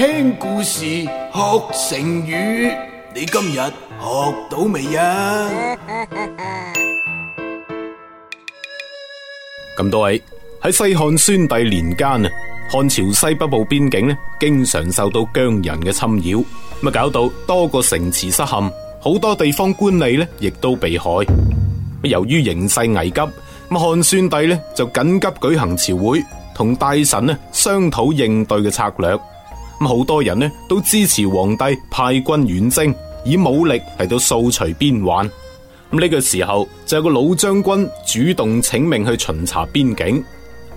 聽故事學成語，你今日學到未呀？咁多位，喺西漢宣帝年間啊，漢朝西北部邊境咧，經常受到羌人嘅侵擾，咁啊搞到多個城池失陷，好多地方官吏咧亦都被害。由於形勢危急，咁啊漢宣帝咧就緊急舉行朝會，同大臣咧商討應對嘅策略。咁好多人呢都支持皇帝派軍遠征，以武力嚟到掃除邊患。咁、這、呢個時候就有個老將軍主動請命去巡查邊境。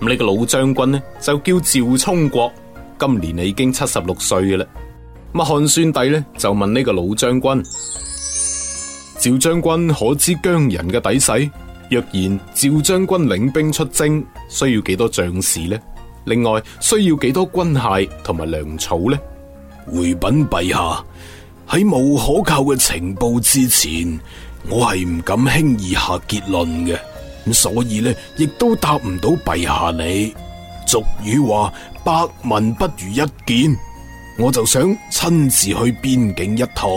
咁、這、呢個老將軍呢就叫趙充國，今年你已經七十六歲嘅啦。咁漢宣帝呢就問呢個老將軍：趙將軍可知羌人嘅底細？若然趙將軍領兵出征，需要幾多將士呢？另外需要幾多軍械同埋糧草呢？回禀陛下，喺冇可靠嘅情報之前，我係唔敢輕易下結論嘅。所以呢，亦都答唔到陛下你。俗語話百聞不如一見，我就想親自去邊境一趟，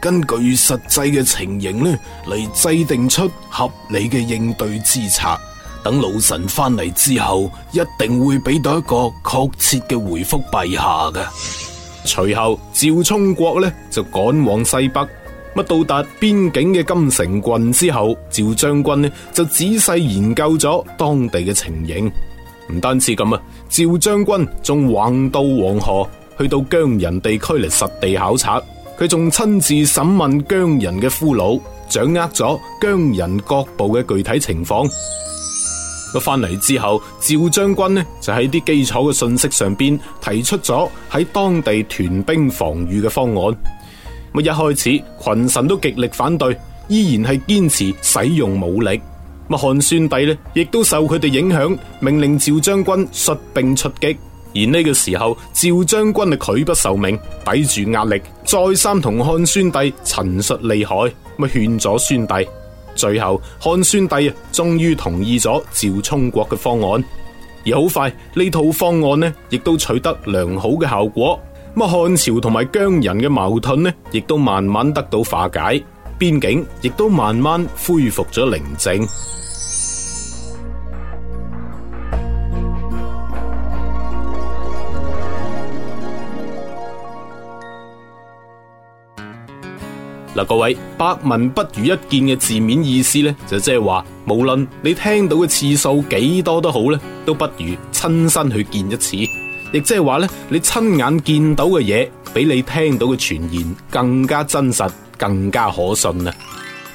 根據實際嘅情形呢嚟，制定出合理嘅應對之策。等老臣翻嚟之後，一定會俾到一個確切嘅回覆陛下嘅。隨後，趙充國呢就趕往西北，乜到達邊境嘅金城郡之後，趙將軍呢就仔細研究咗當地嘅情形。唔單止咁啊，趙將軍仲橫渡黃河，去到羌人地區嚟實地考察，佢仲親自審問羌人嘅俘虜，掌握咗羌人各部嘅具體情況。咁翻嚟之後，趙將軍呢就喺啲基礎嘅信息上邊提出咗喺當地屯兵防禦嘅方案。咁一開始群臣都極力反對，依然係堅持使用武力。咁漢宣帝呢亦都受佢哋影響，命令趙將軍率兵出擊。而呢個時候，趙將軍就拒不受命，抵住壓力，再三同漢宣帝陳述利害，咁勸咗宣帝。最後，漢宣帝啊，終於同意咗趙充國嘅方案，而好快呢套方案呢，亦都取得良好嘅效果。咁漢朝同埋羌人嘅矛盾呢，亦都慢慢得到化解，邊境亦都慢慢恢復咗寧靜。嗱，各位，百聞不如一見嘅字面意思呢，就即係話，無論你聽到嘅次數幾多都好咧，都不如親身去見一次，亦即係話呢，你親眼見到嘅嘢，比你聽到嘅傳言更加真實，更加可信啊！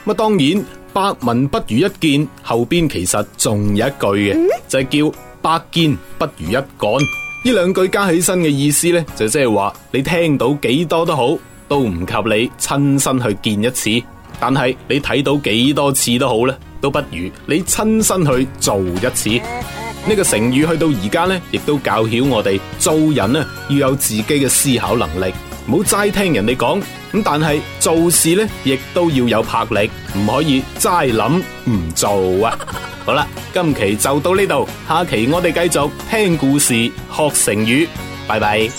咁當然，百聞不如一見後邊其實仲有一句嘅，就係叫百見不如一幹，呢兩句加起身嘅意思呢，就即係話，你聽到幾多都好。都唔及你親身去見一次，但係你睇到幾多次都好咧，都不如你親身去做一次。呢個成語去到而家咧，亦都教曉我哋做人啊，要有自己嘅思考能力，唔好齋聽人哋講。咁但係做事咧，亦都要有魄力，唔可以齋諗唔做啊。好啦，今期就到呢度，下期我哋繼續聽故事學成語，拜拜。